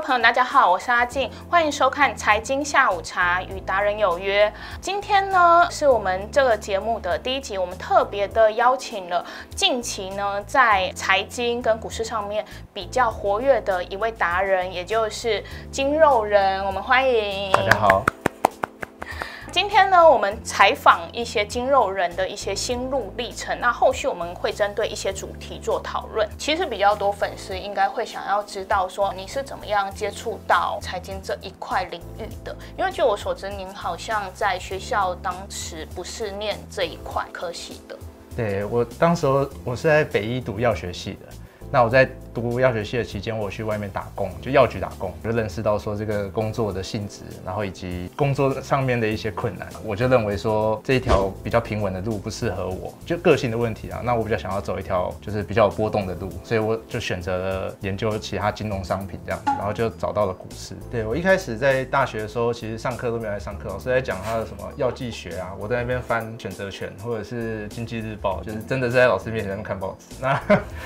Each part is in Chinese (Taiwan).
朋友，大家好，我是阿靜，歡迎收看《財經下午茶與達人有約》。今天呢，是我們這個節目的第一集，我們特別的邀請了近期呢在財經跟股市上面比較活躍的一位達人，也就是筋肉人，我們歡迎。大家好。今天呢，我們採訪一些筋肉人的一些心路歷程。那後續我們會針對一些主題做討論。其實比較多粉絲應該會想要知道，說你是怎麼樣接觸到財經這一塊領域的？因為據我所知，您好像在學校當時不是念這一塊科系的。對，我當時我是在北醫讀藥學系的。那我在讀藥學系的期間，我去外面打工，就藥局打工，就認識到說，這個工作的性質，然後以及工作上面的一些困難，我就認為說，這一條比較平穩的路不適合我，就個性的問題啊，那我比較想要走一條就是比較有波動的路，所以我就選擇了研究其他金融商品這樣子，然後就找到了股市。對，我一開始在大學的時候，其實上課都沒有來上課，老師在講他的什麼藥劑學啊，我在那邊翻選擇權或者是經濟日報，就是真的是在老師面前看報紙，那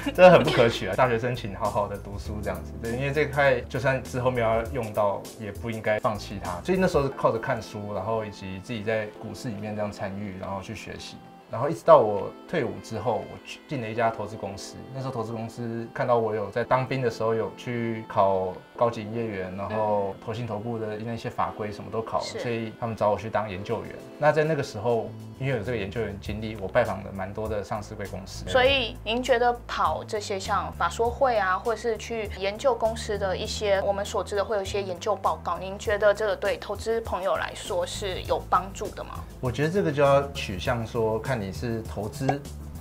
真的很不可惜。 大學生，請好好的讀書，這樣子，對，因為這塊就算之後沒有要用到，也不應該放棄它。所以那時候是靠着看書，然後以及自己在股市裡面這樣參與，然後去學習，然後一直到我退伍之後，我進了一家投資公司。那時候投資公司看到我有在當兵的時候有去考，高級營業員，然後投信投顧的那些法規什麼都考，是所以他們找我去當研究員。那在那個時候，因為有這個研究員經歷，我拜訪了蠻多的上市櫃公司。所以您覺得跑這些像法說會啊，或者是去研究公司的一些我們所知的，會有一些研究報告。您覺得這個對投資朋友來說是有幫助的嗎？我覺得這個就要取向說，看你是投資。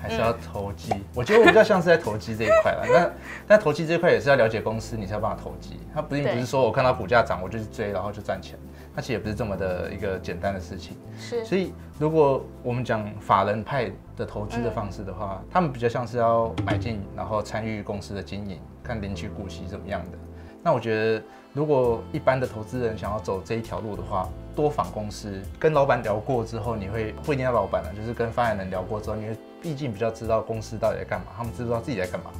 還是要投機，我覺得比較像是在投機這一塊了。那但投機這一塊也是要了解公司，你才有辦法投機。他不一定，不是說我看到股價漲，我就去追，然後就賺錢。那其實也不是這麼的一個簡單的事情。是，所以如果我們講法人派的投資的方式的話，他們比較像是要買進，然後參與公司的經營，看領取股息怎麼樣的。那我覺得，如果一般的投資人想要走這一條路的話，多訪公司，跟老闆聊過之後，你會會念老闆呢、啊？就是跟發言人聊過之後，你會畢竟比較知道公司到底在幹嘛，他們知道自己在幹嘛。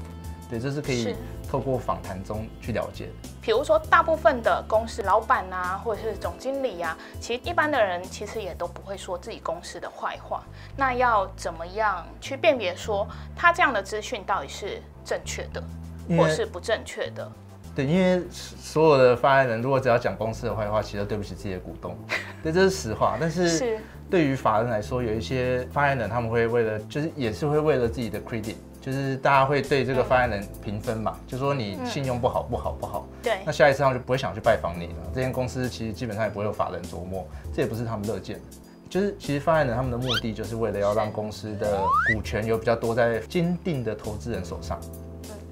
對，這，就是可以透過訪談中去了解的。比是如說，大部分的公司老闆啊，或者是總經理啊，其實一般的人其實也都不會說自己公司的壞話。那要怎麼樣去辨別說他這樣的資訊到底是正確的，或是不正確的？對，因為所有的發言人如果只要講公司的壞話，其實都對不起自己的股東，對，這是實話。但是對於法人來說，是有一些發言人他們會為了，就是也是會為了自己的 credit，就是大家會對這個發言人評分嘛，嗯、就說你信用不好，嗯、不好，不好。對，那下一次他們就不會想去拜訪你了。這間公司其實基本上也不會有法人琢磨，這也不是他們樂見的。就是其實發言人他們的目的就是為了要讓公司的股權有比較多在堅定的投資人手上。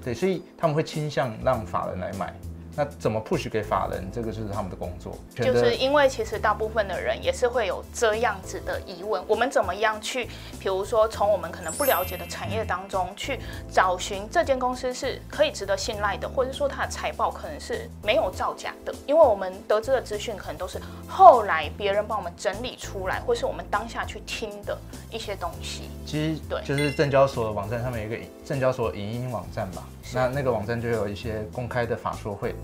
對，所以他們會傾向讓法人來買。那怎麼 push 給法人？這個就是他們的工作。就是因為其實大部分的人也是會有這樣子的疑問：我們怎麼樣去，比如說從我們可能不了解的產業當中去找尋這間公司是可以值得信賴的，或者說它的財報可能是沒有造假的？因為我們得知的資訊可能都是後來別人幫我們整理出來，或是我們當下去聽的一些東西。其實對，就是證交所的網站上面有一個證交所影音網站吧，是那那個網站就有一些公開的法說會。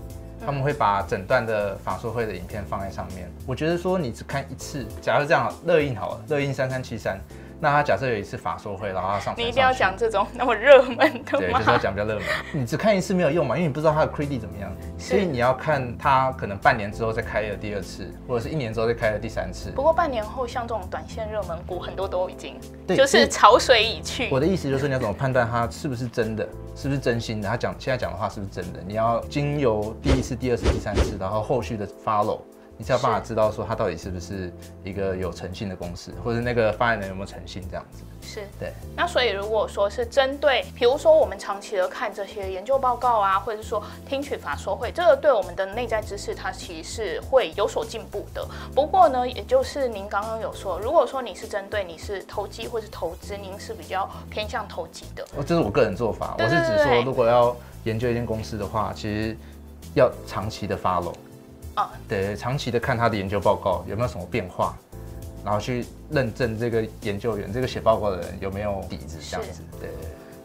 他們會把整段的法說會的影片放在上面。我覺得說你只看一次，假如這樣熱映好了，熱映三三七三。那他假設有一次法說會，然後他上，上你一定要講這種那麼熱門的嗎？對，就是要講比較熱門。 你只看一次沒有用嘛，因為你不知道他的 credit 怎麼樣，是所以你要看他可能半年之後再開了第二次，或者是一年之後再開了第三次。不過半年後，像這種短線熱門股，很多都已經對就是潮水已去。我的意思就是，你要怎麼判斷他是不是真的，是不是真心的？他講現在講的話是不是真的？你要經由第一次、第二次、第三次，然後後續的 follow，你才有辦法知道說他到底是不是一個有誠信的公司，或者那個發言人有沒有誠信這樣子？是，對。那所以如果說是針對，比如說我們長期的看這些研究報告啊，或者是說聽取法說會，這個對我們的內在知識，它其實是會有所進步的。不過呢，也就是您剛剛有說，如果說你是針對，你是投機或是投資，您是比較偏向投機的。這是我個人做法。對對對對，我是指說，如果要研究一間公司的話，其實要長期的 follow。對，長期的看他的研究報告有沒有什麼變化，然後去認證這個研究員、這個寫報告的人有沒有底子，這樣子。是對。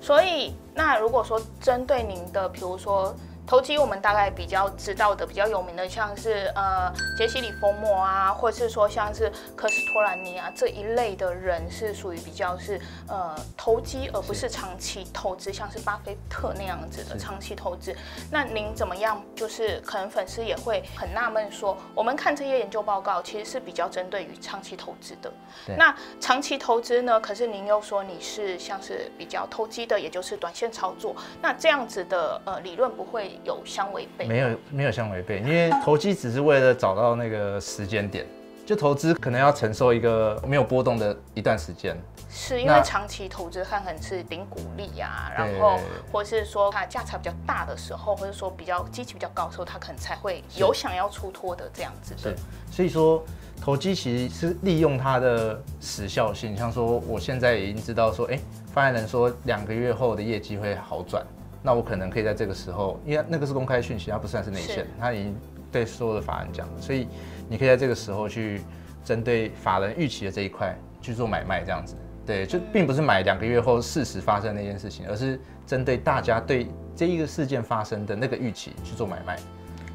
所以，那如果說針對您的，比如說。投機，我們大概比較知道的，比較有名的，像是呃傑西·里佛莫啊，或是說像是科斯托蘭尼啊這一類的人，是屬於比較是呃投機，而不是長期投資，是像是巴菲特那樣子的長期投資。是那您怎麼樣？就是可能粉絲也會很納悶說，我們看這些研究報告，其實是比較針對於長期投資的。對那長期投資呢？可是您又說你是像是比較投機的，也就是短線操作。那這樣子的呃理論不會？有相違背？沒有，沒有相違背。因為投機只是為了找到那個時間點，就投資可能要承受一個沒有波動的一段時間。是因為那長期投資看可能是頂股利呀，啊，然後對或者是說它價差比較大的時候，或者說比較基期比較高的時候，它可能才會有想要出脫的這樣子。對，所以說投機其實是利用它的時效性，像說我現在已經知道說，哎、欸，發言人說，兩個月後的業績會好轉。那我可能可以在這個時候，因為那個是公開訊息，它不算是內線，他是已經對所有的法人講了，所以你可以在這個時候去針對法人預期的這一塊去做買賣，這樣子，對，就並不是買兩個月後事實發生那件事情，而是針對大家對這一個事件發生的那個預期去做買賣。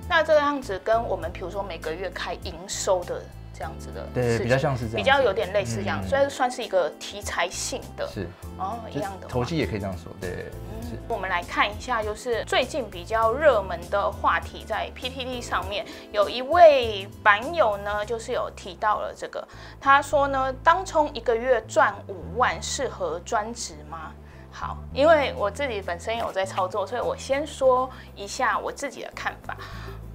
那這個樣子跟我們比如說每個月開營收的。這樣子的，對，比較像是這樣，比較有點類似這樣，嗯、所以算是一個題材性的，是哦，一樣的投機也可以這樣說，對。嗯、是我們來看一下，就是最近比較熱門的話題，在 PTT 上面，有一位板友呢，就是有提到了這個，他說呢，當沖一個月賺五萬，適合專職嗎？好，因為我自己本身有在操作，所以我先說一下我自己的看法。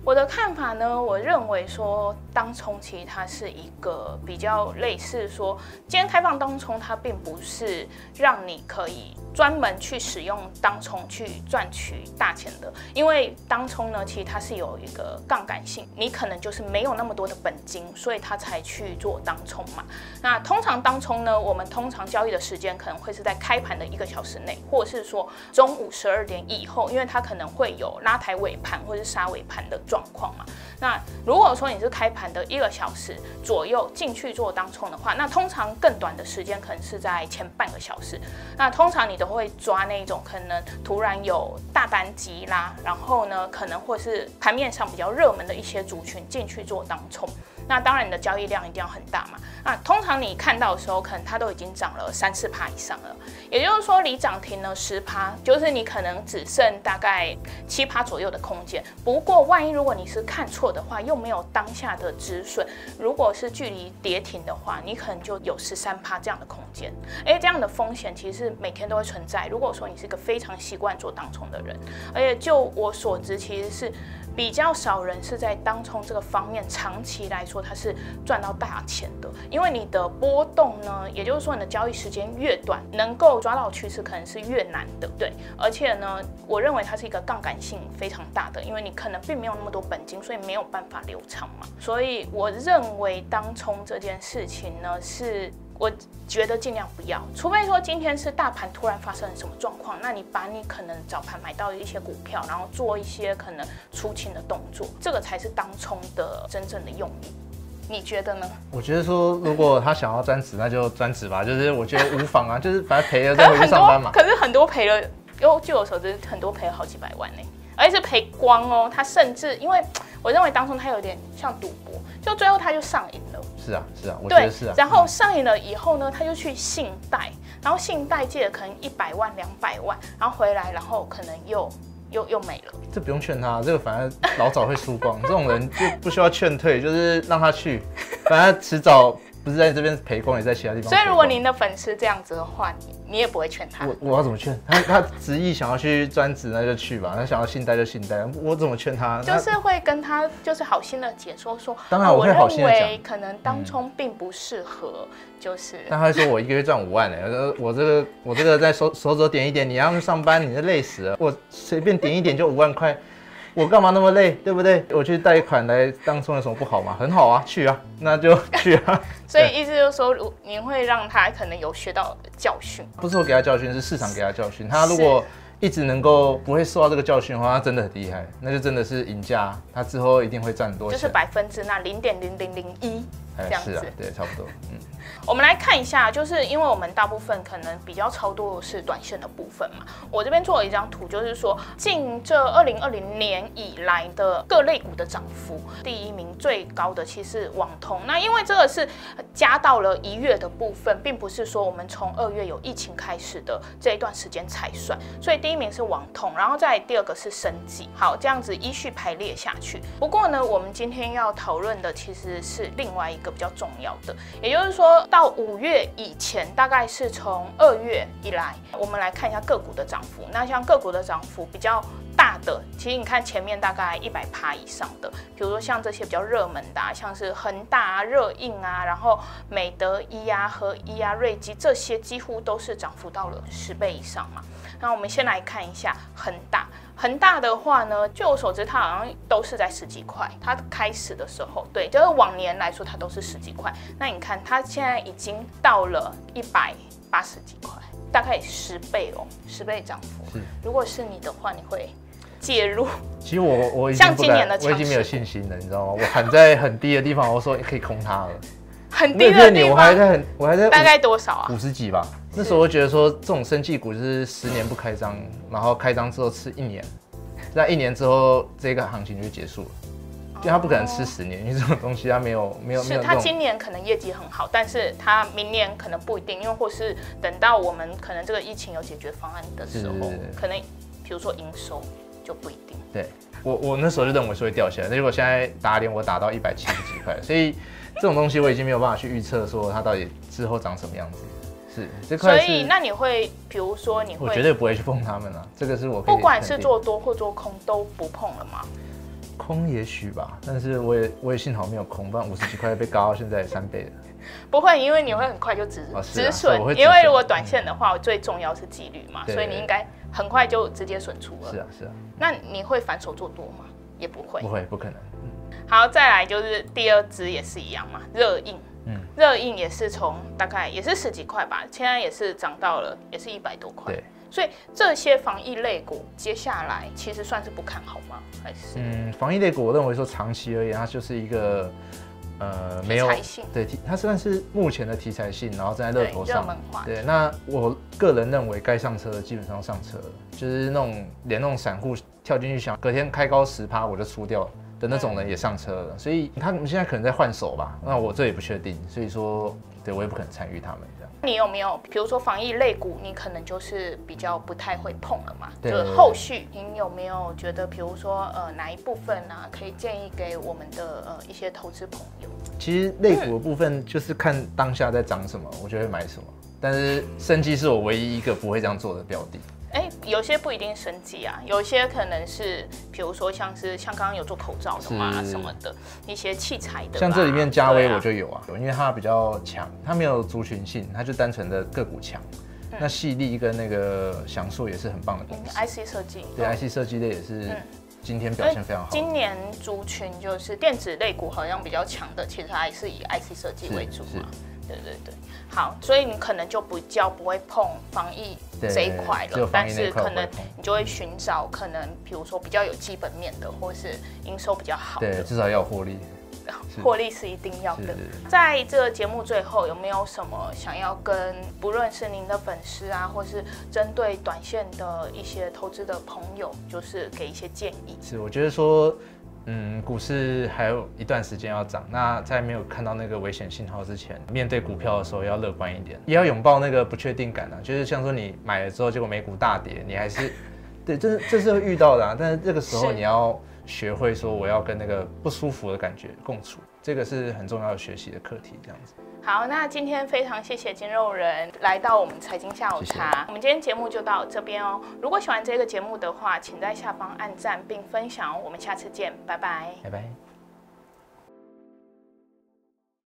我的看法呢，我認為說，當沖其實它是一個比較類似說，今天開放當沖，它並不是讓你可以專門去使用當沖去賺取大錢的，因為當沖呢，其實它是有一個槓桿性，你可能就是沒有那麼多的本金，所以它才去做當沖嘛。那通常當沖呢，我們通常交易的時間可能會是在開盤的一個小時內，或者是說中午十二點以後，因為它可能會有拉抬尾盤或者是殺尾盤的狀況嘛，那如果說你是開盤的一個小時左右進去做當沖的話，那通常更短的時間可能是在前半個小時。那通常你都會抓那種可能突然有大單集啦，然後呢，可能會是盤面上比較熱門的一些族群進去做當沖。那當然，你的交易量一定要很大嘛。那、啊、通常你看到的時候，可能它都已經漲了三四趴以上了，也就是說離漲停了十趴，就是你可能只剩大概七趴左右的空間。不過萬一如果你是看錯的話，又沒有當下的止損，如果是距離跌停的話，你可能就有十三趴這樣的空間。誒、欸，這樣的風險其實每天都會存在。如果說你是一個非常習慣做當沖的人，而且就我所知，其實是。比較少人是在當沖這個方面，長期來說它是賺到大錢的，因為你的波動呢，也就是說你的交易時間越短，能夠抓到趨勢可能是越難的，對。而且呢，我認為它是一個槓桿性非常大的，因為你可能並沒有那麼多本金，所以沒有辦法留倉嘛。所以我認為當沖這件事情呢是。我覺得盡量不要，除非說今天是大盤突然發生了什麼狀況，那你把你可能早盤買到的一些股票，然後做一些可能出清的動作，這個才是當沖的真正的用意。你覺得呢？我覺得說，如果他想要專職，那就專職吧， 就是我覺得無妨啊，就是反正賠了再回去上班嘛可。可是很多賠了，哦、就有據我所知，很多賠了好幾百萬呢、欸，而且是賠光哦。他甚至，因為我認為當沖他有點像賭博，就最後他就上癮。是啊是啊，我覺得是啊。然後上癮了以後呢，他就去信貸，然後信貸借了可能一百萬兩百萬，然後回來，然後可能又、嗯、又又沒了。這不用勸他，啊，這個反正老早會輸光， 這種人就不需要勸退，就是讓他去，反正遲早。不是在這邊賠光，也在其他地方。所以，如果您的粉絲這樣子的話，你，你也不會勸他。我我要怎麼勸他？他執意想要去專職，那就去吧。他想要信貸就信貸。我怎麼勸他？他就是會跟他就是好心的解說說。啊、當然，我會好心的講。我認為可能當沖並不適合，就是。嗯、但他還說我一個月賺五萬呢、欸。我這個我這個在手手肘點一點，你讓他們上班，你就累死了。我隨便點一點就五萬塊。 我幹嘛那麼累，對不對？我去貸款來當沖有什麼不好嗎？很好啊，去啊，那就去啊。所以意思就是說，您會讓他可能有學到教訓。不是我給他教訓，是市場給他教訓。他如果一直能夠不會受到這個教訓的話，他真的很厲害，那就真的是贏家。他之後一定會賺多。就是百分之那零點零零零一。哎，是啊，對，差不多，嗯。我們來看一下，就是因為，我們大部分可能比較超多的是短線的部分嘛。我這邊做了一張圖，就是說近這二零二零年以來的各類股的漲幅，第一名最高的其實是網通。那因為這個是加到了一月的部分，並不是說我們從二月有疫情開始的這一段時間才算。所以第一名是網通，然後再第二個是升級。好，這樣子依序排列下去。不過呢，我們今天要討論的其實是另外一個比較重要的，也就是說。到五月以前，大概是從二月以來，我們來看一下個股的漲幅。那像個股的漲幅比較大的，其實你看前面大概一百趴以上的，比如說像這些比較熱門的、啊，像是恆大啊、熱映啊，然後美德一啊、和一啊、瑞基這些，幾乎都是漲幅到了十倍以上嘛、啊。那我們先來看一下恆大，恆大的話呢，據我所知，它好像都是在十幾塊。它開始的時候，對，就是往年來說，它都是十幾塊。那你看它現在已經到了一百八十幾塊，大概十倍哦，十倍漲幅。是如果是你的話，你會？介入？其實我我已經像今年的，我已經沒有信心了，你知道嗎？我喊在很低的地方， 我說可以空它了。很低的地方，我還在很，我還在大概多少啊？五十幾吧。是那時候我覺得說，這種生技股就是十年不開張，然後開張之後吃一年，那一年之後這個行情就結束了。他，嗯、不可能吃十年，因為這種東西他沒有沒有沒有。他今年可能業績很好，但是他明年可能不一定，因為或是等到我們可能這個疫情有解決方案的時候，是可能比如說營收。就不一定。對我，我那時候就認為是會掉下來。但如果現在打點我打到一百七十幾塊，所以這種東西我已經沒有辦法去預測說它到底之後長什麼樣子。是，這塊，所以那你會比如說你會？我絕對不會去碰他們了，啊。這個是我不管是做多或做空都不碰了嗎？空也許吧，但是我也我也幸好沒有空，不然五十幾塊被嘎到現在三倍了。不會，因為你會很快就止、哦啊、止損，止損，因為如果短線的話，嗯、最重要是紀律嘛，對所以你應該很快就直接損出了。是啊，是啊。那你會反手做多嗎？也不會，不會，不可能。嗯、好，再來就是第二隻也是一樣嘛，熱映，嗯，熱映也是從大概也是十幾塊吧，現在也是漲到了，也是一百多塊。對。所以這些防疫類股接下來其實算是不看好嗎？還是？嗯，防疫類股我認為說，長期而言它就是一個。嗯呃，題材性沒有，對，它算是目前的題材性，然後在熱頭上，對、對，那我個人認為該上車的基本上上車了，就是那種連那種散戶跳進去想隔天開高十趴我就出掉的那種人也上車了，嗯、所以他們現在可能在換手吧，那我這也不確定，所以說。對，我也不肯參與他們這樣。你有沒有，比如說防疫類股，你可能就是比較不太會碰了嘛？對，對，對，對。就是後續您有沒有覺得，比如說呃哪一部分呢、啊，可以建議給我們的呃一些投資朋友？其實類股的部分就是看當下在漲什麼，我就會買什麼。但是生技是我唯一一個不會這樣做的標的。欸、有些不一定升級啊，有些可能是，比如說像是像剛剛有做口罩的嘛是什麼的，一些器材的。像這裡面加威我就有啊，啊啊因為它比較強，它沒有族群性，它就單純的個股強。嗯、那矽力跟那個祥碩也是很棒的東西。I C 設計，IC 設計嗯、對 I C 設計的也是今天表現非常好。嗯、今年族群就是電子類股好像比較強的，其實還是以 I C 設計為主嘛。對對對，好，所以你可能就比較不會碰防疫這一塊了，對對塊，但是可能你就會尋找可能，比如說比較有基本面的，或是營收比較好的。對，至少要有獲利，獲利是一定要的。在這個節目最後，有沒有什麼想要跟不論是您的粉絲啊，或是針對短線的一些投資的朋友，就是給一些建議？是，我覺得說。嗯，股市還有一段時間要漲。那在沒有看到那個危險信號之前，面對股票的時候要樂觀一點，也要擁抱那個不確定感啊。就是像說你買了之後，結果美股大跌，你還是，對，這是這是會遇到的啊。但是這個時候你要學會說，我要跟那個不舒服的感覺共處，這個是很重要的學習的課題。這樣子。好，那今天非常謝謝筋肉人來到我們財經下午茶，謝謝。我們今天節目就到這邊哦。如果喜歡這個節目的話，請在下方按讚並分享哦。我們下次見，拜拜，拜拜。